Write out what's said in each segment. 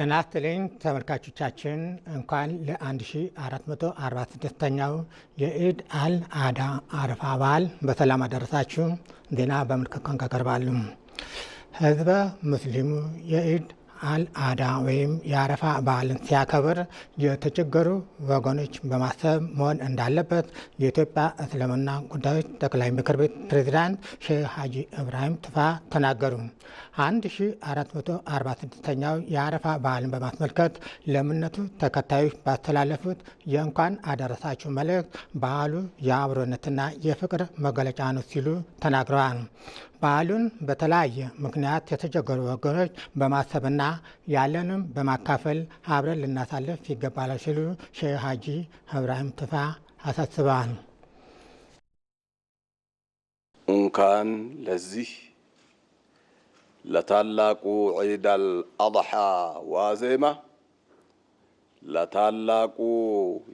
ጤና ይስጥልኝ ተመልካቾቻችን፣ እንኳን ለ1446ኛው የኢድ አል አዳ አረፋ በዓል በሰላም አደረሳችሁ። ዜና በምልክት ቋንቋ ቀርባሉ። ህዝበ ሙስሊሙ የኢድ አዳ ወይም የአረፋ በዓልን ሲያከብር የተቸገሩ ወገኖች በማሰብ መሆን እንዳለበት የኢትዮጵያ እስልምና ጉዳዮች ጠቅላይ ምክር ቤት ፕሬዚዳንት ሼህ ሀጂ እብራሂም ትፋ ተናገሩ። 1446ኛው የአረፋ በዓልን በማስመልከት ለእምነቱ ተከታዮች ባስተላለፉት የእንኳን አደረሳችሁ መልእክት በዓሉ የአብሮነትና የፍቅር መገለጫ ነው ሲሉ ተናግረዋል። በዓሉን በተለያየ ምክንያት የተቸገሩ ወገኖች በማሰብና ያለንም በማካፈል አብረን ልናሳልፍ ይገባል ሲሉ ሼህ ሀጂ እብራሂም ትፋ አሳስበዋል። እንኳን ለዚህ ለታላቁ ዒድ አልአድሓ ዋዜማ ለታላቁ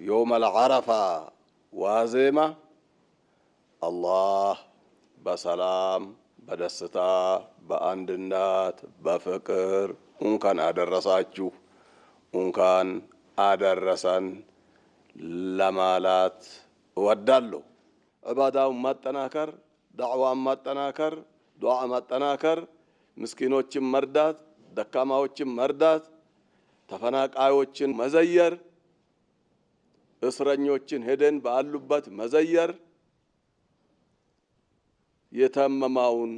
ዮውም አልዓረፋ ዋዜማ አላህ በሰላም በደስታ በአንድነት በፍቅር እንኳን አደረሳችሁ እንኳን አደረሰን ለማላት እወዳለሁ። ዕባዳውን ማጠናከር፣ ዳዕዋን ማጠናከር፣ ዱዓ ማጠናከር፣ ምስኪኖችን መርዳት፣ ደካማዎችን መርዳት፣ ተፈናቃዮችን መዘየር፣ እስረኞችን ሄደን ባሉበት መዘየር የታመማውን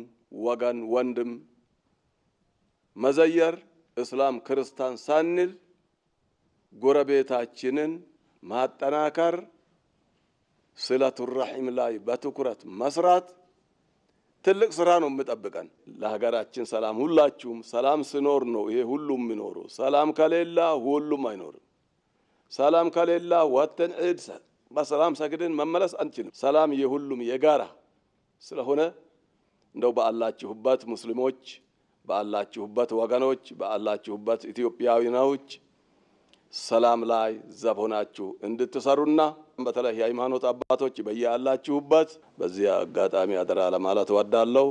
ወገን ወንድም መዘየር እስላም ክርስታን ሳንል ጎረቤታችንን ማጠናከር፣ ስለቱ ረሒም ላይ በትኩረት መስራት ትልቅ ስራ ነው የምጠብቀን ለሀገራችን ሰላም። ሁላችሁም ሰላም ስኖር ነው ይሄ ሁሉም የሚኖሩ። ሰላም ከሌላ ሁሉም አይኖርም። ሰላም ከሌላ ወተን ዒድ በሰላም ሰግደን መመለስ አንችልም። ሰላም የሁሉም የጋራ ስለሆነ እንደው በአላችሁበት ሙስሊሞች፣ በአላችሁበት ወገኖች፣ በአላችሁበት ኢትዮጵያዊኖች ሰላም ላይ ዘብ ሆናችሁ እንድትሰሩና በተለይ የሃይማኖት አባቶች በየአላችሁበት በዚህ አጋጣሚ አደራ ለማለት እወዳለሁ።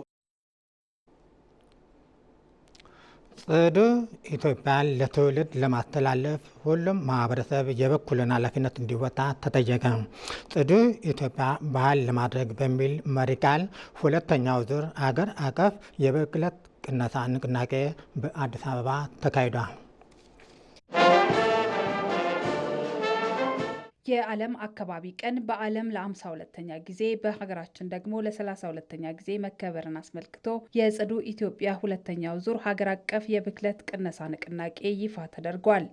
ጽዱ ኢትዮጵያን ለትውልድ ለማስተላለፍ ሁሉም ማህበረሰብ የበኩልን ኃላፊነት እንዲወጣ ተጠየቀ። ጽዱ ኢትዮጵያ ባህል ለማድረግ በሚል መሪ ቃል ሁለተኛው ዙር አገር አቀፍ የብክለት ቅነሳ ንቅናቄ በአዲስ አበባ ተካሂዷል። የዓለም አካባቢ ቀን በዓለም ለ52ተኛ ጊዜ በሀገራችን ደግሞ ለ32ተኛ ጊዜ መከበርን አስመልክቶ የጽዱ ኢትዮጵያ ሁለተኛው ዙር ሀገር አቀፍ የብክለት ቅነሳ ንቅናቄ ይፋ ተደርጓል።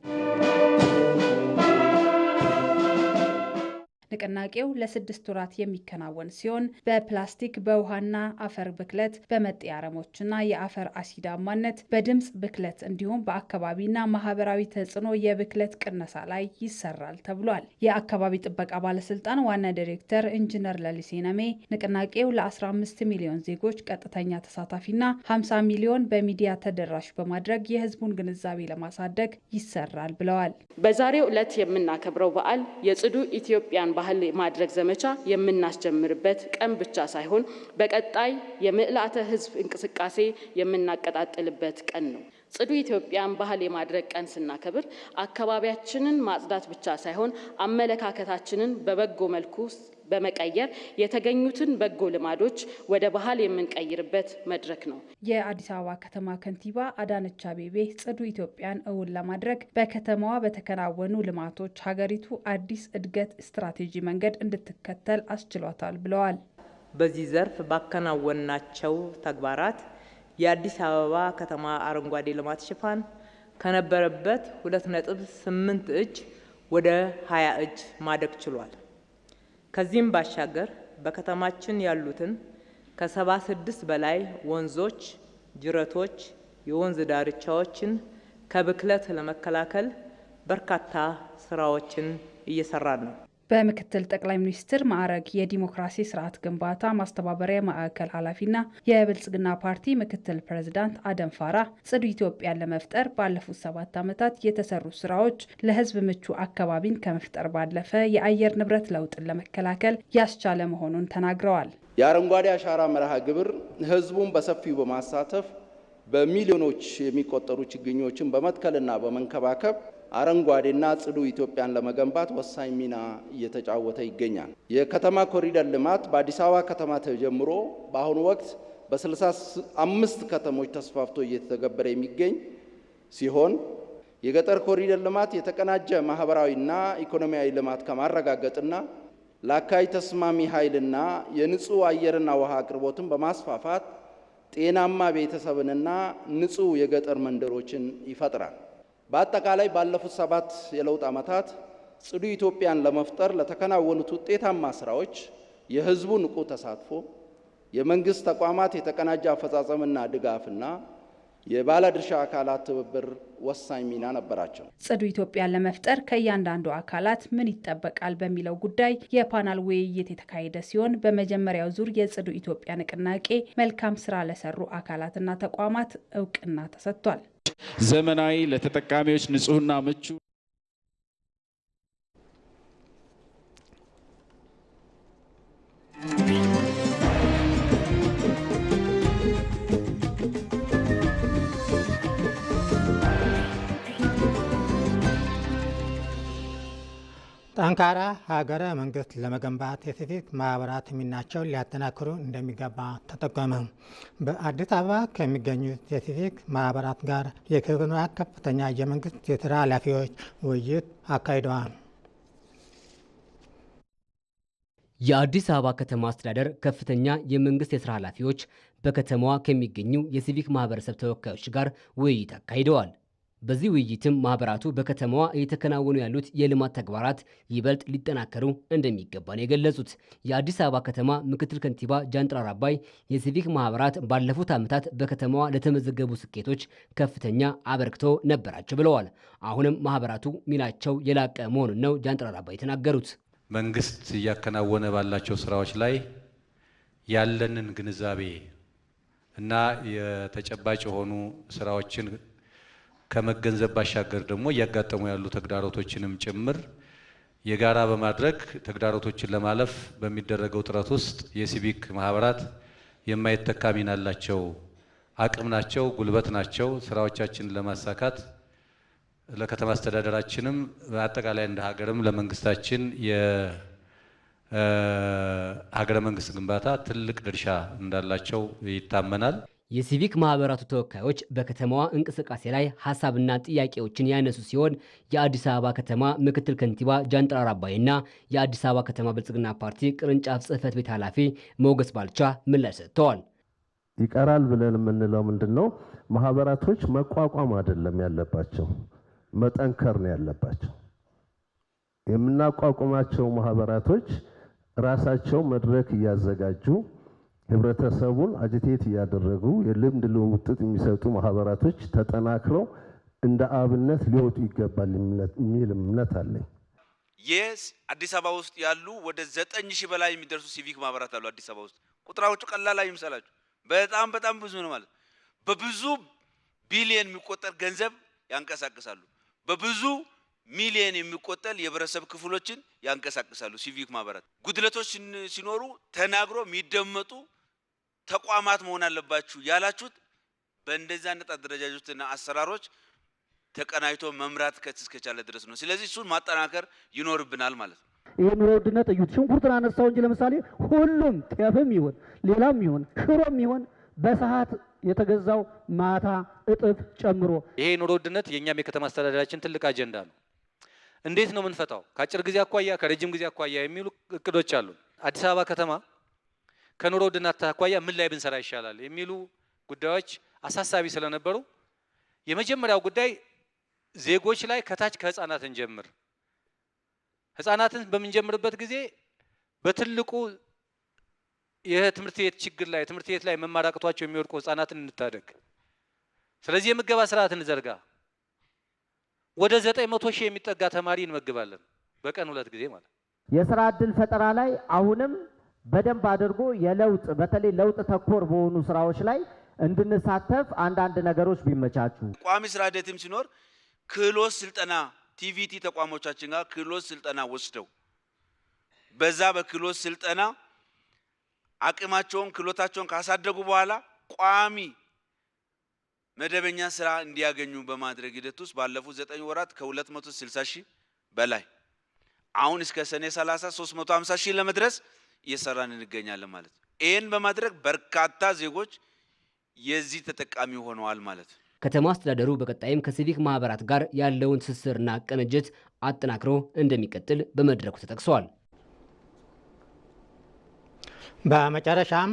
ንቅናቄው ለስድስት ወራት የሚከናወን ሲሆን በፕላስቲክ በውሃና አፈር ብክለት በመጤ አረሞችና የአፈር አሲዳማነት በድምፅ ብክለት እንዲሁም በአካባቢና ማህበራዊ ተጽዕኖ የብክለት ቅነሳ ላይ ይሰራል ተብሏል። የአካባቢ ጥበቃ ባለስልጣን ዋና ዲሬክተር ኢንጂነር ለሊሴ ነሜ ንቅናቄው ለ15 ሚሊዮን ዜጎች ቀጥተኛ ተሳታፊና 50 ሚሊዮን በሚዲያ ተደራሽ በማድረግ የህዝቡን ግንዛቤ ለማሳደግ ይሰራል ብለዋል። በዛሬው ዕለት የምናከብረው በዓል የጽዱ ኢትዮጵያን የባህል ማድረግ ዘመቻ የምናስጀምርበት ቀን ብቻ ሳይሆን በቀጣይ የምዕላተ ሕዝብ እንቅስቃሴ የምናቀጣጥልበት ቀን ነው። ጽዱ ኢትዮጵያን ባህል የማድረግ ቀን ስናከብር አካባቢያችንን ማጽዳት ብቻ ሳይሆን አመለካከታችንን በበጎ መልኩ በመቀየር የተገኙትን በጎ ልማዶች ወደ ባህል የምንቀይርበት መድረክ ነው። የአዲስ አበባ ከተማ ከንቲባ አዳነች አቤቤ ጽዱ ኢትዮጵያን እውን ለማድረግ በከተማዋ በተከናወኑ ልማቶች ሀገሪቱ አዲስ እድገት ስትራቴጂ መንገድ እንድትከተል አስችሏታል ብለዋል። በዚህ ዘርፍ ባከናወናቸው ተግባራት የአዲስ አበባ ከተማ አረንጓዴ ልማት ሽፋን ከነበረበት 2.8 እጅ ወደ 20 እጅ ማደግ ችሏል። ከዚህም ባሻገር በከተማችን ያሉትን ከ76 በላይ ወንዞች፣ ጅረቶች፣ የወንዝ ዳርቻዎችን ከብክለት ለመከላከል በርካታ ስራዎችን እየሰራን ነው። በምክትል ጠቅላይ ሚኒስትር ማዕረግ የዲሞክራሲ ስርዓት ግንባታ ማስተባበሪያ ማዕከል ኃላፊና የብልጽግና ፓርቲ ምክትል ፕሬዝዳንት አደም ፋራ ጽዱ ኢትዮጵያን ለመፍጠር ባለፉት ሰባት ዓመታት የተሰሩ ስራዎች ለህዝብ ምቹ አካባቢን ከመፍጠር ባለፈ የአየር ንብረት ለውጥን ለመከላከል ያስቻለ መሆኑን ተናግረዋል። የአረንጓዴ አሻራ መርሃ ግብር ህዝቡን በሰፊው በማሳተፍ በሚሊዮኖች የሚቆጠሩ ችግኞችን በመትከልና በመንከባከብ አረንጓዴና ጽዱ ኢትዮጵያን ለመገንባት ወሳኝ ሚና እየተጫወተ ይገኛል። የከተማ ኮሪደር ልማት በአዲስ አበባ ከተማ ተጀምሮ በአሁኑ ወቅት በስልሳ አምስት ከተሞች ተስፋፍቶ እየተተገበረ የሚገኝ ሲሆን የገጠር ኮሪደር ልማት የተቀናጀ ማህበራዊና ኢኮኖሚያዊ ልማት ከማረጋገጥና ለአካባቢ ተስማሚ ኃይልና የንጹህ አየርና ውሃ አቅርቦትን በማስፋፋት ጤናማ ቤተሰብንና ንጹህ የገጠር መንደሮችን ይፈጥራል። በአጠቃላይ ባለፉት ሰባት የለውጥ ዓመታት ጽዱ ኢትዮጵያን ለመፍጠር ለተከናወኑት ውጤታማ ስራዎች የህዝቡ ንቁ ተሳትፎ፣ የመንግስት ተቋማት የተቀናጀ አፈጻጸምና ድጋፍና የባለድርሻ አካላት ትብብር ወሳኝ ሚና ነበራቸው። ጽዱ ኢትዮጵያን ለመፍጠር ከእያንዳንዱ አካላት ምን ይጠበቃል በሚለው ጉዳይ የፓናል ውይይት የተካሄደ ሲሆን በመጀመሪያው ዙር የጽዱ ኢትዮጵያ ንቅናቄ መልካም ስራ ለሰሩ አካላትና ተቋማት እውቅና ተሰጥቷል። ዘመናዊ፣ ለተጠቃሚዎች ንጹህና ምቹ ጠንካራ ሀገረ መንግስት ለመገንባት የሲቪክ ማህበራት ሚናቸውን ሊያጠናክሩ እንደሚገባ ተጠቆመ። በአዲስ አበባ ከሚገኙት የሲቪክ ማህበራት ጋር የክልሉ ከፍተኛ የመንግስት የስራ ኃላፊዎች ውይይት አካሂደዋል። የአዲስ አበባ ከተማ አስተዳደር ከፍተኛ የመንግስት የስራ ኃላፊዎች በከተማዋ ከሚገኙ የሲቪክ ማህበረሰብ ተወካዮች ጋር ውይይት አካሂደዋል። በዚህ ውይይትም ማህበራቱ በከተማዋ እየተከናወኑ ያሉት የልማት ተግባራት ይበልጥ ሊጠናከሩ እንደሚገባ ነው የገለጹት። የአዲስ አበባ ከተማ ምክትል ከንቲባ ጃንጥራር አባይ የሲቪክ ማህበራት ባለፉት ዓመታት በከተማዋ ለተመዘገቡ ስኬቶች ከፍተኛ አበርክቶ ነበራቸው ብለዋል። አሁንም ማህበራቱ ሚናቸው የላቀ መሆኑን ነው ጃንጥራር አባይ የተናገሩት። መንግስት እያከናወነ ባላቸው ስራዎች ላይ ያለንን ግንዛቤ እና የተጨባጭ የሆኑ ስራዎችን ከመገንዘብ ባሻገር ደግሞ እያጋጠሙ ያሉ ተግዳሮቶችንም ጭምር የጋራ በማድረግ ተግዳሮቶችን ለማለፍ በሚደረገው ጥረት ውስጥ የሲቪክ ማህበራት የማይተካ ሚና አላቸው። አቅም ናቸው፣ ጉልበት ናቸው። ስራዎቻችንን ለማሳካት ለከተማ አስተዳደራችንም በአጠቃላይ እንደ ሀገርም ለመንግስታችን የሀገረ መንግስት ግንባታ ትልቅ ድርሻ እንዳላቸው ይታመናል። የሲቪክ ማህበራቱ ተወካዮች በከተማዋ እንቅስቃሴ ላይ ሀሳብና ጥያቄዎችን ያነሱ ሲሆን የአዲስ አበባ ከተማ ምክትል ከንቲባ ጃንጥራር አባይና የአዲስ አበባ ከተማ ብልጽግና ፓርቲ ቅርንጫፍ ጽህፈት ቤት ኃላፊ ሞገስ ባልቻ ምላሽ ሰጥተዋል። ይቀራል ብለን የምንለው ምንድን ነው? ማህበራቶች መቋቋም አይደለም ያለባቸው፣ መጠንከር ነው ያለባቸው። የምናቋቁማቸው ማህበራቶች ራሳቸው መድረክ እያዘጋጁ ህብረተሰቡን አጅቴት እያደረጉ የልምድ ልውውጥ የሚሰጡ ማህበራቶች ተጠናክረው እንደ አብነት ሊወጡ ይገባል የሚል እምነት አለኝ። ይህ አዲስ አበባ ውስጥ ያሉ ወደ ዘጠኝ ሺህ በላይ የሚደርሱ ሲቪክ ማህበራት አሉ። አዲስ አበባ ውስጥ ቁጥራዎቹ ቀላል አይምሰላችሁ። በጣም በጣም ብዙ ነው ማለት በብዙ ቢሊየን የሚቆጠር ገንዘብ ያንቀሳቅሳሉ። በብዙ ሚሊየን የሚቆጠር የህብረተሰብ ክፍሎችን ያንቀሳቅሳሉ። ሲቪክ ማህበራት ጉድለቶች ሲኖሩ ተናግሮ የሚደመጡ ተቋማት መሆን አለባችሁ ያላችሁት በእንደዚህ አይነት አደረጃጀትና አሰራሮች ተቀናጅቶ መምራት ከት እስከቻለ ድረስ ነው። ስለዚህ እሱን ማጠናከር ይኖርብናል ማለት ነው። ይሄ ኑሮ ውድነት እዩት። ሽንኩርትን አነሳው እንጂ ለምሳሌ ሁሉም ጤፍም ይሁን ሌላም ይሁን ሽሮም ይሁን በሰዓት የተገዛው ማታ እጥፍ ጨምሮ፣ ይሄ ኑሮ ውድነት የእኛም የከተማ አስተዳደራችን ትልቅ አጀንዳ ነው። እንዴት ነው የምንፈታው? ከአጭር ጊዜ አኳያ፣ ከረጅም ጊዜ አኳያ የሚሉ እቅዶች አሉ። አዲስ አበባ ከተማ ከኑሮ ውድነት አኳያ ምን ላይ ብንሰራ ይሻላል የሚሉ ጉዳዮች አሳሳቢ ስለነበሩ የመጀመሪያው ጉዳይ ዜጎች ላይ ከታች ከህፃናት እንጀምር። ህፃናትን በምንጀምርበት ጊዜ በትልቁ የትምህርት ቤት ችግር ላይ ትምህርት ቤት ላይ መማር አቅቷቸው የሚወድቁ ህፃናትን እንታደግ። ስለዚህ የምገባ ስርዓት እንዘርጋ። ወደ ዘጠኝ መቶ ሺህ የሚጠጋ ተማሪ እንመግባለን በቀን ሁለት ጊዜ ማለት የስራ እድል ፈጠራ ላይ አሁንም በደንብ አድርጎ የለውጥ በተለይ ለውጥ ተኮር በሆኑ ስራዎች ላይ እንድንሳተፍ አንዳንድ ነገሮች ቢመቻቹ፣ ቋሚ ስራ ሂደትም ሲኖር ክህሎት ስልጠና ቲቪቲ ተቋሞቻችን ጋር ክህሎት ስልጠና ወስደው በዛ በክህሎት ስልጠና አቅማቸውን ክህሎታቸውን ካሳደጉ በኋላ ቋሚ መደበኛ ስራ እንዲያገኙ በማድረግ ሂደት ውስጥ ባለፉት ዘጠኝ ወራት ከ260 ሺህ በላይ አሁን እስከ ሰኔ 30 350 ሺህ ለመድረስ እየሰራን እንገኛለን ማለት ነው። ይህን በማድረግ በርካታ ዜጎች የዚህ ተጠቃሚ ሆነዋል ማለት ነው። ከተማ አስተዳደሩ በቀጣይም ከሲቪክ ማህበራት ጋር ያለውን ትስስርና ቅንጅት አጠናክሮ እንደሚቀጥል በመድረኩ ተጠቅሰዋል። በመጨረሻም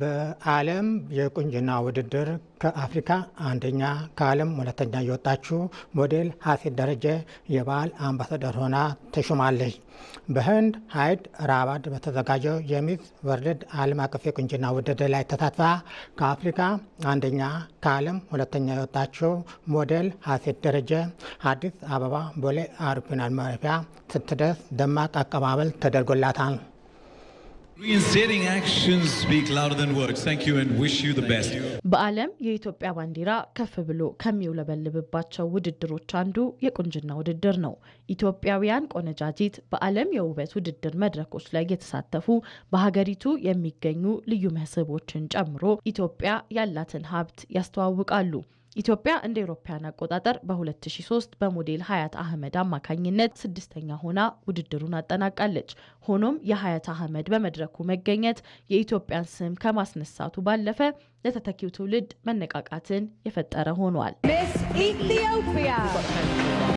በዓለም የቁንጅና ውድድር ከአፍሪካ አንደኛ ከዓለም ሁለተኛ የወጣችው ሞዴል ሀሴት ደረጀ የበዓል አምባሳደር ሆና ተሹማለች። በህንድ ሃይድ ራባድ በተዘጋጀው የሚስ ወርልድ ዓለም አቀፍ የቁንጅና ውድድር ላይ ተሳትፋ ከአፍሪካ አንደኛ ከዓለም ሁለተኛ የወጣችው ሞዴል ሀሴት ደረጀ አዲስ አበባ ቦሌ አውሮፕላን ማረፊያ ስትደርስ ደማቅ አቀባበል ተደርጎላታል። በዓለም የኢትዮጵያ ባንዲራ ከፍ ብሎ ከሚውለበልብባቸው ውድድሮች አንዱ የቁንጅና ውድድር ነው። ኢትዮጵያውያን ቆነጃጂት በዓለም የውበት ውድድር መድረኮች ላይ የተሳተፉ በሀገሪቱ የሚገኙ ልዩ መስህቦችን ጨምሮ ኢትዮጵያ ያላትን ሀብት ያስተዋውቃሉ። ኢትዮጵያ እንደ ኤሮፓያን አቆጣጠር በ2003 በሞዴል ሀያት አህመድ አማካኝነት ስድስተኛ ሆና ውድድሩን አጠናቃለች። ሆኖም የሀያት አህመድ በመድረኩ መገኘት የኢትዮጵያን ስም ከማስነሳቱ ባለፈ ለተተኪው ትውልድ መነቃቃትን የፈጠረ ሆኗል።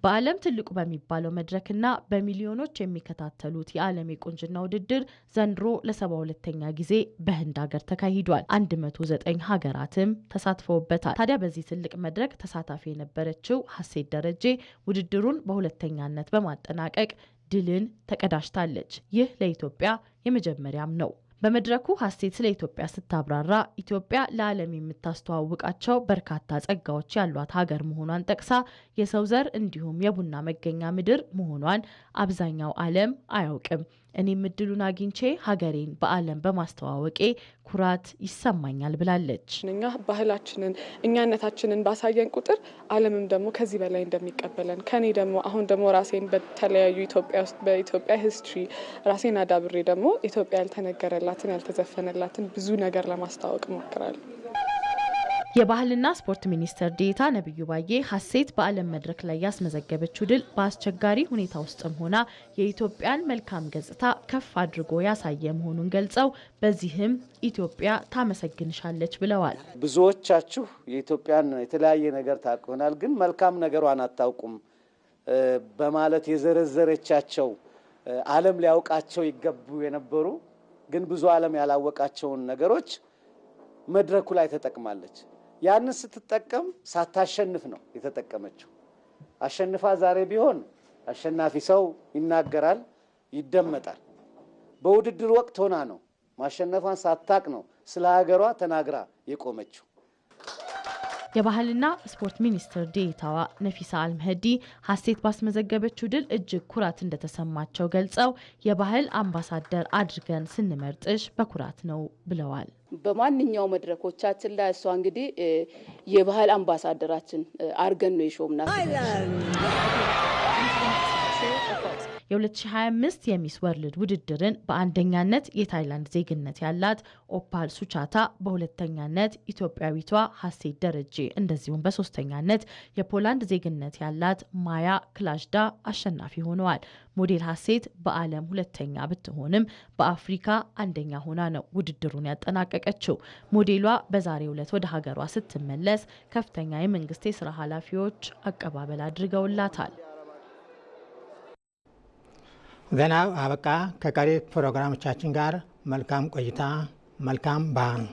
በዓለም ትልቁ በሚባለው መድረክና በሚሊዮኖች የሚከታተሉት የዓለም የቁንጅና ውድድር ዘንድሮ ለሰባ ሁለተኛ ጊዜ በህንድ ሀገር ተካሂዷል። 109 ሀገራትም ተሳትፈውበታል። ታዲያ በዚህ ትልቅ መድረክ ተሳታፊ የነበረችው ሀሴት ደረጄ ውድድሩን በሁለተኛነት በማጠናቀቅ ድልን ተቀዳጅታለች። ይህ ለኢትዮጵያ የመጀመሪያም ነው። በመድረኩ ሀሴት ስለ ኢትዮጵያ ስታብራራ ኢትዮጵያ ለዓለም የምታስተዋውቃቸው በርካታ ጸጋዎች ያሏት ሀገር መሆኗን ጠቅሳ የሰው ዘር እንዲሁም የቡና መገኛ ምድር መሆኗን አብዛኛው ዓለም አያውቅም እኔም እድሉን አግኝቼ ሀገሬን በዓለም በማስተዋወቄ ኩራት ይሰማኛል ብላለች። እኛ ባህላችንን እኛነታችንን ባሳየን ቁጥር ዓለምም ደግሞ ከዚህ በላይ እንደሚቀበለን ከኔ ደግሞ አሁን ደግሞ ራሴን በተለያዩ ኢትዮጵያ ውስጥ በኢትዮጵያ ሂስትሪ ራሴን አዳብሬ ደግሞ ኢትዮጵያ ያልተነገረላትን ያልተዘፈነላትን ብዙ ነገር ለማስተዋወቅ እሞክራለሁ። የባህልና ስፖርት ሚኒስትር ዴታ ነብዩ ባዬ ሀሴት በዓለም መድረክ ላይ ያስመዘገበችው ድል በአስቸጋሪ ሁኔታ ውስጥም ሆና የኢትዮጵያን መልካም ገጽታ ከፍ አድርጎ ያሳየ መሆኑን ገልጸው በዚህም ኢትዮጵያ ታመሰግንሻለች ብለዋል። ብዙዎቻችሁ የኢትዮጵያን የተለያየ ነገር ታውቁ ይሆናል፣ ግን መልካም ነገሯን አታውቁም በማለት የዘረዘረቻቸው ዓለም ሊያውቃቸው ይገቡ የነበሩ ግን ብዙ ዓለም ያላወቃቸውን ነገሮች መድረኩ ላይ ተጠቅማለች። ያንን ስትጠቀም ሳታሸንፍ ነው የተጠቀመችው። አሸንፋ ዛሬ ቢሆን አሸናፊ ሰው ይናገራል፣ ይደመጣል። በውድድር ወቅት ሆና ነው ማሸነፏን ሳታቅ ነው ስለ ሀገሯ ተናግራ የቆመችው። የባህልና ስፖርት ሚኒስትር ዴታዋ ነፊሳ አልምህዲ ሀሴት ባስመዘገበችው ድል እጅግ ኩራት እንደተሰማቸው ገልጸው የባህል አምባሳደር አድርገን ስንመርጥሽ በኩራት ነው ብለዋል። በማንኛው መድረኮቻችን ላይ እሷ እንግዲህ የባህል አምባሳደራችን አድርገን ነው የሾምናት። የ2025 የሚስ ወርልድ ውድድርን በአንደኛነት የታይላንድ ዜግነት ያላት ኦፓል ሱቻታ፣ በሁለተኛነት ኢትዮጵያዊቷ ሀሴት ደረጄ እንደዚሁም በሶስተኛነት የፖላንድ ዜግነት ያላት ማያ ክላሽዳ አሸናፊ ሆነዋል። ሞዴል ሀሴት በዓለም ሁለተኛ ብትሆንም በአፍሪካ አንደኛ ሆና ነው ውድድሩን ያጠናቀቀችው። ሞዴሏ በዛሬው ዕለት ወደ ሀገሯ ስትመለስ ከፍተኛ የመንግስት የስራ ኃላፊዎች አቀባበል አድርገውላታል። ገና አበቃ። ከቀሪ ፕሮግራሞቻችን ጋር መልካም ቆይታ፣ መልካም ባህል